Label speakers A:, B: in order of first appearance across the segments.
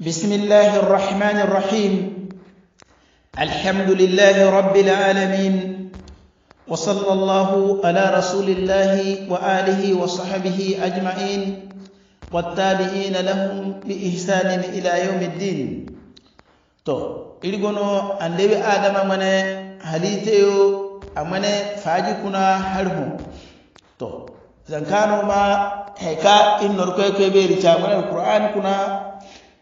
A: بسم الله الرحمن الرحيم الحمد لله رب العالمين وصلى الله على رسول الله وآله وصحبه أجمعين والتابعين لهم بإحسان إلى يوم الدين تو إلغنو أن لبي آدم من هليتيو أمن فاجكنا هلهم تو زنكانو ما هكا إن نركوكو بيرتا من القرآن كنا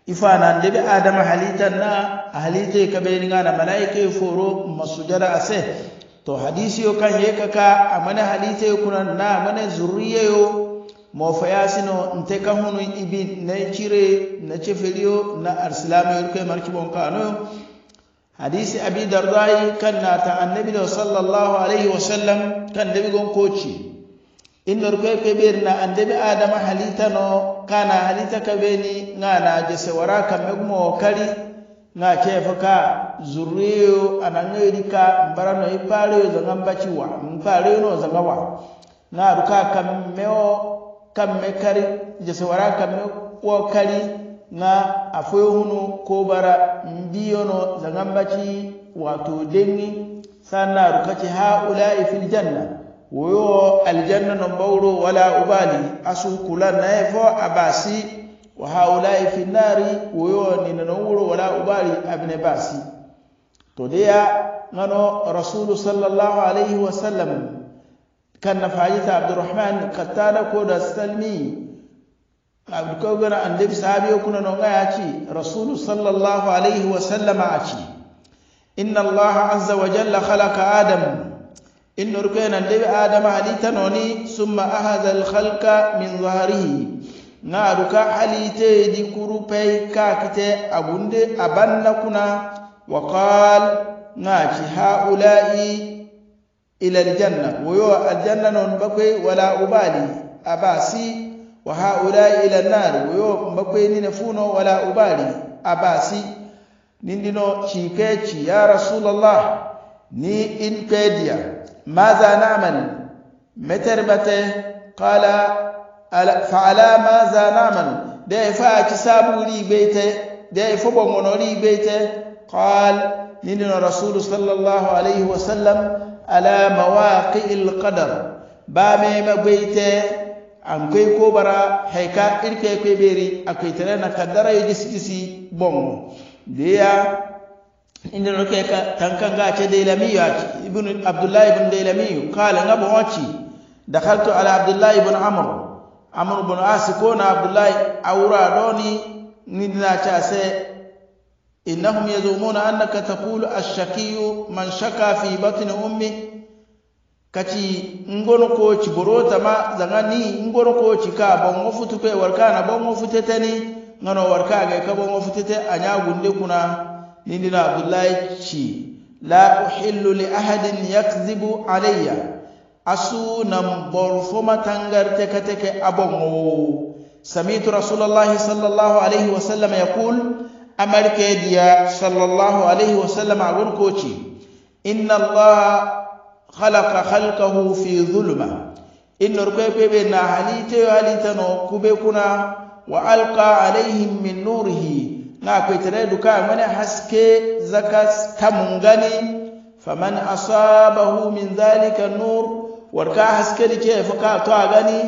A: ifanan lebe adam halitan na halite ka bai ninga na malaike foro masujada ase to hadisi yo kan ye kaka amana halite kunan na amana zurriye yo mo fayasino nte ka hunu ibi na chire na cefeliyo na arsilama yo kai marki bon kano hadisi abi dardai kan na ta annabi sallallahu alaihi wasallam kan dabi gon koci ko ke ande be adama halita no kana halita ka ɓeni ga wara sewara kamme gumo kali, na kefo ka zurriyo ananŋeyodi ka mbarano ipale yo zaga mbaci wa yo no zaga wa garu ka kamme o kamme kari je sewara kamme wo kali, na afoyo hunu ko bara no zaga mbaci wato dengi sana ruka ha haula fil janna huyo aljanna na nombawro wala ubali asu asukula naye fo abasi wa haulai fi nari huyo ni nanawuro wala ubali abne basi to deya ngano rasulu sallallahu alaihi wasallam kanna fajita abdurrahman kattala ko da salmi abdukogana annabi sahabi kuna nonga yaci rasulu sallallahu alaihi a ci. inna allaha azza wa jalla khalaqa Adamu. إن ركينا لبي آدم علي تنوني ثم أخذ الخلق من ظهره نارك علي تيدي كروبي كاكتي أبندي أبنكنا وقال ناكي هؤلاء إلى الجنة ويو الجنة نبكي ولا أبالي أباسي وهؤلاء إلى النار ويو مبكي نفونو ولا أبالي أباسي نندنو شيكيتشي يا رسول الله ني in ماذا نعمل متر مترمته قال فعلى ماذا نعمل ده فا كسابو لي بيته ده فبو لي بيت قال نين رسول صلى الله عليه وسلم على مواقع القدر بامي ما بيت ان kai كوبرا هيكا ان irke kai beri akwai tare na kaddara ya gisi inda na ke tankan ga ce dailamiyu ibn abdullahi ibn dailamiyu kala nga bon da dakhaltu ala abdullahi ibn amur amur ibn asi ko na abdullahi awra doni nidna cha se innahum naka ta kulu a shakiyu man shaka fi batni ummi kaci ngono ko ci ta ma ni ngono ko ci ka bon warka na ban bon ta ni ngano warkaga ka bon a nya gunde kuna nini عبد الله شي لا أحل لأحد يكذب علي أسو نمبر فما تنغر تكتك أبو سميت رسول الله صلى الله عليه وسلم يقول أمرك ديا صلى الله عليه وسلم أقول كوتشي إن الله خلق خلقه في ظلمة إن ركبه بين حليته وحليتنا كبكنا وألقى عليهم من نوره na akwai tare duka mana haske zakas mun gani faman asabahu min zalika nur warka haske da ke fuka to a gani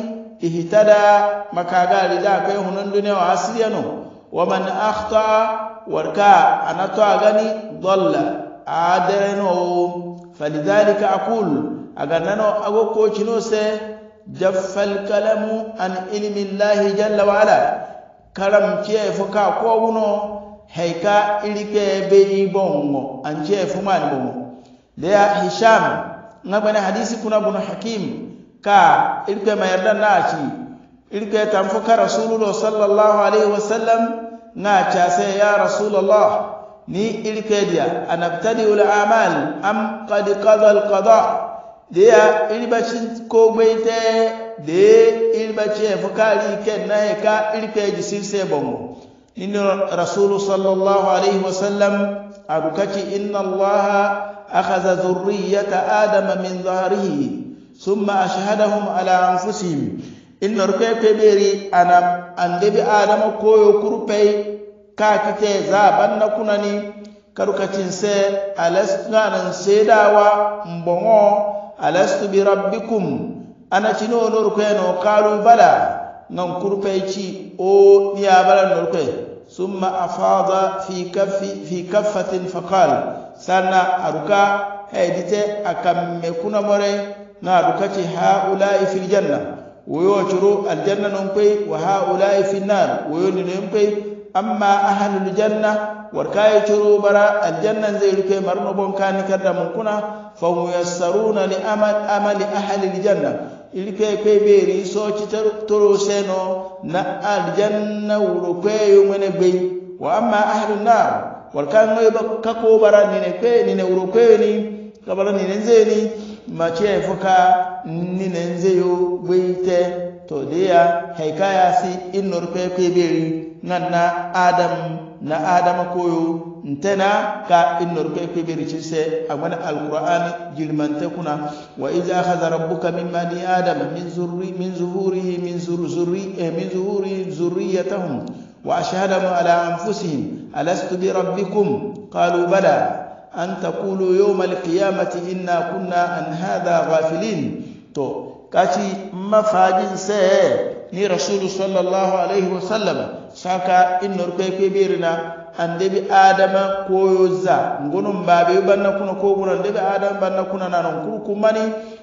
A: ihtada makaga rida kai hunan duniya wa no wa man akhta warka ana to a gani dalla adareno falidhalika aqul aganano ago kocino se jaffal kalamu an ilmi llahi jalla wa ala karam chiefu fuka ko uno haika ilike beji bongo an anchiefu mani bongo lea hisham Na ngabana hadisi kuna bunu hakim ka yarda ilike mayarda nachi ilike tamfuka rasulullah sallallahu alaihi wasallam na sai ya rasulullah ni ilike dia anabtadi ul amal am qad qada al qada dia ilibashin ko gbeite de ilba che fukali ken nae ka ilpe jisirse bongo inna rasulu sallallahu alaihi wasallam adukati inna allaha akhadha dhurriyyata adama min dhahrihi thumma ashhadahum ala anfusihim inna rukepe beri anam andebi adama koyo kurpei ka kite zaban na kunani karukacin se alastu nanan sedawa mbongo alastu bi rabbikum rukai norukeno qalu bala nan kurpeyci o niyabalan norukue summa afada fi kaffi fi kaffatin faqal sanna aruka me kuna more na ha haulai fil janna woyo curo aljanna non wa haulai fil nar woyo ni non koy amma ahlul janna warkaye curo bara aljanna zai ruke marno bon kani kada mun kuna fa muyassaruna li amal amali ahlil janna ilikweekwe ebeera isooki toluuseeno na aljanna wulukweyo mwene gbei wa amma ahlu kabara walikaŋoyo kakoobara nine wulukweyoni kabala nine nzeeni makyefo ka nine nzeyo gbeite to deya haikayasi innorukweekwe ebeeri ŋan na adam na adama koyo ntena ka innor ke ke beri ci se amana alqur'ani jilmante kuna wa iz akhadha rabbuka min bani adam min zurri min zuhurihi min zurri min zuhuri zurriyatahum wa ashhadahum ala anfusihim alastu bi rabbikum qalu bala an taqulu yawm alqiyamati inna kunna an hadha ghafilin to kaci mafajin se ni rasulu sallallahu alaihi wasallam saka innor ke ke berina bi adama koyo koyoza ngonum babe banna kuno ko de bi adama banna kuna nanon kuru kumani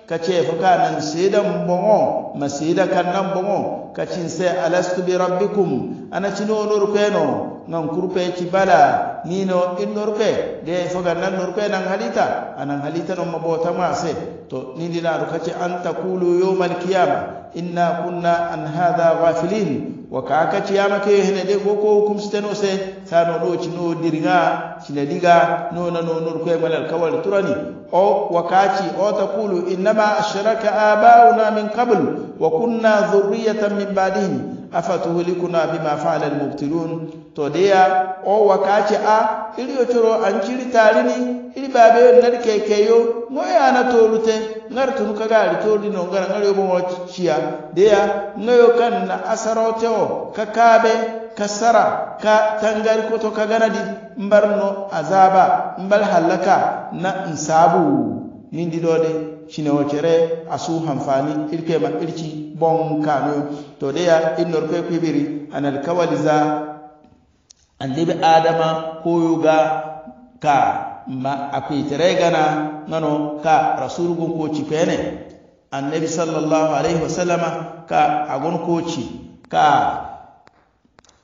A: kace fa kanan sida mbongo masida kannan mbongo cin sai alastu bi rabbikum ana cino nor keno nan kurpe ci bala nino in norpe de fa kannan norpe nan halita anan halita non mabota ma se to ni ka kace an taqulu yawmal qiyamah inna kunna an hadha ghafilin wa ka kace ya make hene de ko ko hukum steno se do ci no dirga cina diga na no norkoye malal kawal turani o wakaci o ta taqulu innama ashraka abauna min qabl wa kunna dhurriyatan min badihim afatuhulikuna bima fa'ala almubtilun to dia o wakace a iri toro an ciri tarini iri babe nar yo no ya na torute ngar tun ka kaga ari tori no ngar ngar yo bo ciya no yo kan na asarote o kakabe kasara ka tangar koto ka gana di mbarno azaba mbal halaka na nsabu shine ɗode cine wocere asu amfani irkema irci bon kano to ya deya innorkoye kuɓiri anal kawaliza andiɓe adama koyuga ka ma akuitere gana nano ka rasulu ko ci pene annabi sallallahu alaihi wasallama ka agon koci ka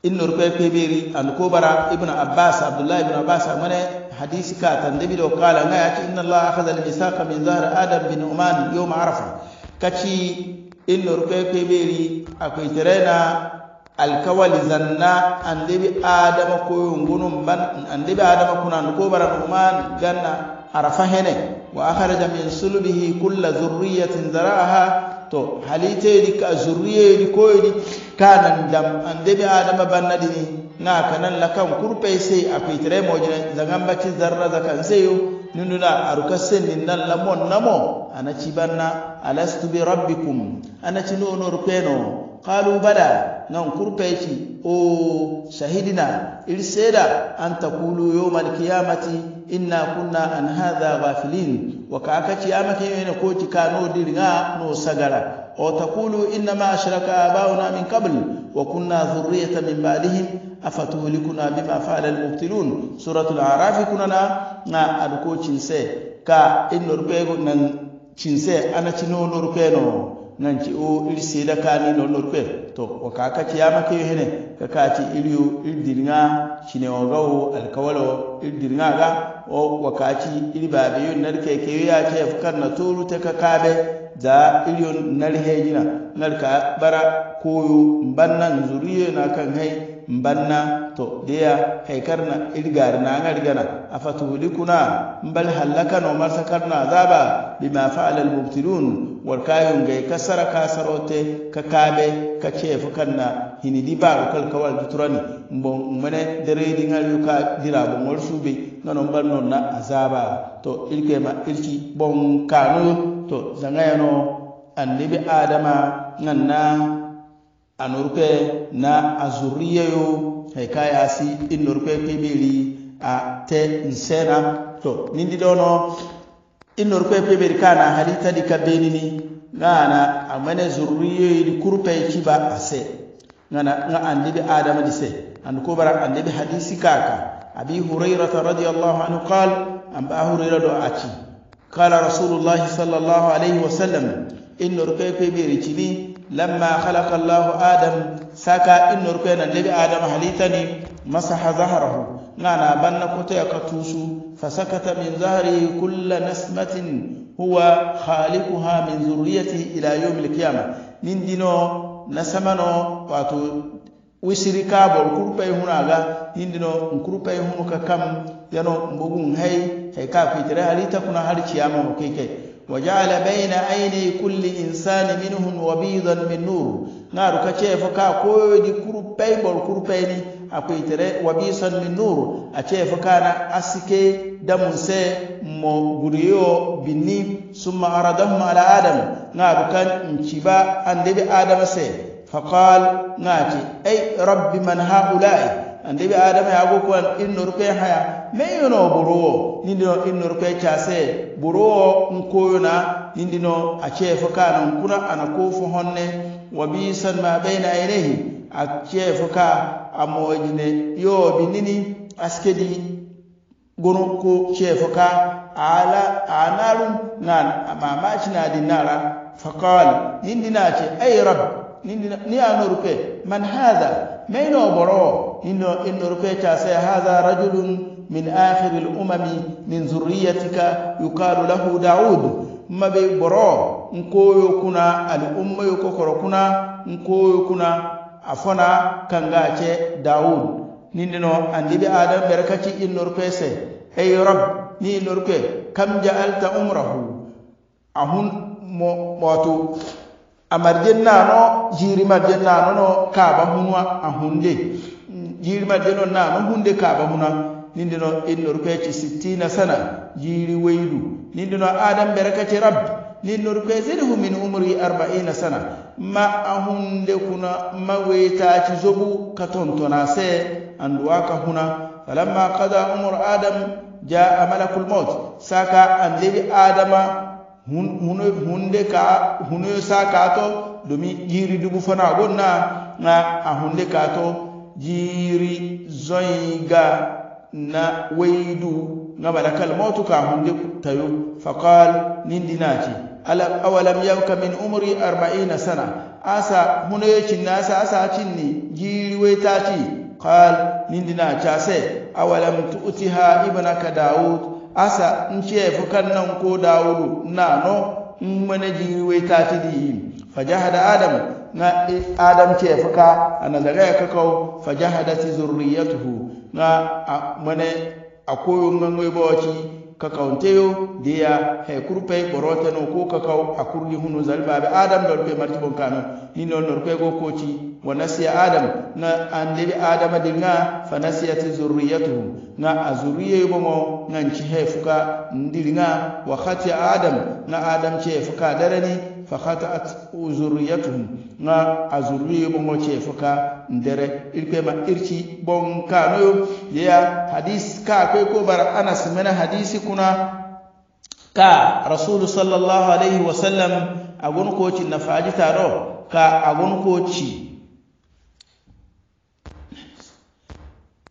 A: inna kwe peberi an kobara ibnu abbas abdullahi ibn abbas mane hadisi ka tan da do kala nga yati inna allah akhadha al misaqa min zahr adam bin uman yawm arafa kaci inna kwe peberi akwai terena alkawali zanna an dabi adama ko gunun ban an dabi adama kunan kobara uman ganna arafa hene wa akhraja min sulbihi kulla zurriyatin zara'aha to haliteyɗi ka zurriyeɗi koyeɗi kanan dam andeɓe adama bannaɗini na kanan kan kurpey sey akuitere mojine zagambati zarra zakan seyo nununa aruka sennin nan lamon namo anaci banna alastu bi rabbikum anaci noonor peno qalu bala nan kurpeci o shahidina irseda an taqulu yawmal qiyamati inna kunna an hadha ghafilin wa ka aka ciyama ke ne ko ci kano dirga no sagara o taqulu inna ma ashraka abauna min qabl wa kunna dhurriyatan min ba'dihim afatuhlikuna bima fa'ala al-mubtilun suratul a'raf kunana na alko cinse ka in norpego nan cinse ana cino norpeno nan ci o da ka ni no lorpe to o ka ka tiyama ke hene ka ka ti iriyo irdirnga shine o gawo alkawalo ga o wakati iri babe yon narke ke ya ce fukar na turu ta ka kabe da iriyo narhe jina narka bara koyo mbanna zuriye na kan hai mbanna to deya haikarna irgar na ngargana afatuhulikuna mbal halaka no masakarna zaba bima fa'ala al-mubtilun warkayun ka kasara kasarote ka kabe ka cefu kanna hini di ba rukal kawal turani bon mene deredi ngal yuka dira bon wol sube na ban non na azaba to ilke ma ilki bon kanu to zangayano annabi adama na anurke na azuriyayo si inurke kibiri a te nsena to nindi dono inor kwe peberi na halita di kabenini ngana amane zurriye di kurpe kiba ase ngana nga andibi adama di se andu kubara andibi hadisi kaka abi hurairata radiyallahu anhu qal amba hurairah do aci qala rasulullahi sallallahu alaihi wa sallam wasallam inor ya peberi chini lamma khalaqa allah adam saka inor kwe nandibi adama halitani masaha zahrahu ngana banna kote tusu. fasakata min dhahrihi kulla nasmatin huwa khaliquha min dhurriyatihi ila yaumi alqiyama nin dino nasamano wato wisirikabol kurpay hunaga hindino nkurpay hunuka kam yano mbogun hay hay ka kuitere halita kuna hali ciyama ho kike wajala baina aini kulli insani minhum wabidan min nur ngaru kace fo ka koyodi kurpay bol kurpay ni Akwai akuitere wabisan min nur achefu kana asike damunse mo guriyo binni summa aradahum ala adam ngaɓe kan nciba dabi adama se na ngaci ay rabbi man haulai andeɓe adama yago in innorpe haya yi meyono buruwo nindino innorpe case buruwo nkoyona nindino achefu kana kuna ana kofo honne wabisan ma bayna ainihi a ciye fuka a mawajine yau nini aske di gunu ko a narun na mamaci na dinara fakawal yin dina ce ai ni a norfe man haza mai na in norfe ta sai haza rajulun min akhiril umami min zurriyatika yukalu lahu daud bai boro nkoyo kuna al'umma yoko kuna nkoyo kuna a fona kangace daoud nindino andiɓe adama ɓere kacci innorke se ey rab ni innorke kam jaalta umrahu ahun mo moto amarjen nano jiri marjen nano no kaba hunwa a hunde jiri marjen no nano hunde kaba huna nindino innorke ci sittina sana jiri weydu nindino adam ɓere kacci rabbe ninnorkeesenihu min umri arba'ina sana ma a hunde kuna ma weytaaci zobu ka tontona see anduwaka huna falamma kada umur adam jaa malakul mout saka an lewi adama hunde ka hunoyo saka to domi jiiri dubu fana gon na na a hunde ka to jiiri zoyga na weydu ga malakal moutu ka hunde tayu fa qal nindinaati awalam yabka min umri arba'ina sana asa ya nasa asa cin ne giriwe ta ci qal nindina ca se awalam tu'tiha ka dawud asa in ce fukan nan ko dawudu na no in mana giriwe ta ci di fajahada adam na e, adam ce fuka a nazarai ya kakau ya zurriyatuhu na mana a koyon gangoyi bawaci kakawnteyo deya hay kurpey no ko kakaw a kurli hunu zalbaɓe adam ɗon pe marti bon kano ni noon nor go koci wa nasiya adam na an adama de ga fa nasiyati zurriyatuhum ga a zurriyeyo bomo ganci hay fuka ndiri ga wa adam ga adam ce fuka darani fa khataat zurriyatuhum ga a bomo ce fuka ndere irkwema irci bon kanoyo yeya hadis ka kwe ko bara anas mena hadisi kuna ka rasulu sallallahu alaihi wasallam agun koci na faji taro ka agun koci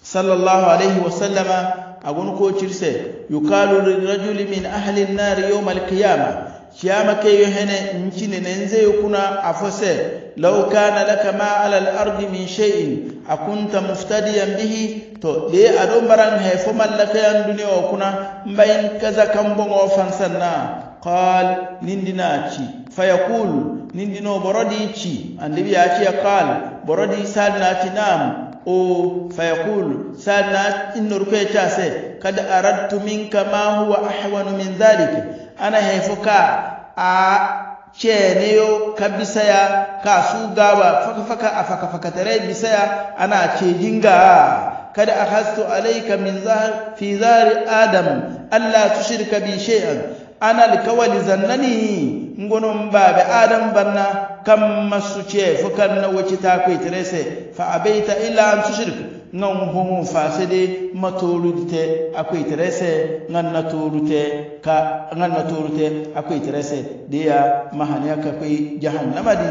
A: sallallahu alaihi wasallama agun se yukalu rajuli min ahli an-nar yawm al-qiyamah kiyama ke yohene hene ncine nenze yukuna afose law kana laka ma ala al-ardi min shay'in akunta muftadiyan bihi to de aɗo mbaran he fo mallakayan duniya o kuna mbayin kaza kambongo fansanna qal nindinaci fayaqulu nindino borodici andebi yaciya qal borodi salnaci nam o fayakul sana innorkoye case kad aradtu minka kama huwa ahwanu min dhalik ana hefo ka a ceneyo ka bisaya ka su gaba faka a faka-faka fakafakatare bisaya ana ce jinga kada a hasto alaika min fi zari adam allah tushirka bi shay'an ana alkawali zannani ngunun babe adam banna kan masu ce fukan na wuce ta kwaitare sai fa abaita illa an shirka. ngan homo fasede matorute akwai terese ngan na torute ka ngan na torute akwai terese de ya mahanya ka kai jahannama di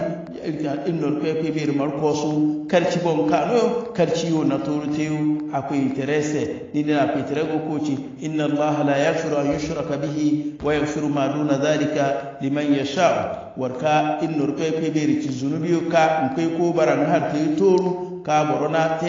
A: ibnul kai bir markosu karci bon kano karci yo na torute yo akwai terese ni na akwai terego koci inna allaha la yaghfiru an yushraka bihi wa yaghfiru ma duna dhalika liman yasha warka ibnul kai kai bir ci zunubiyo ka in kai ko baran har tayi toru ka borona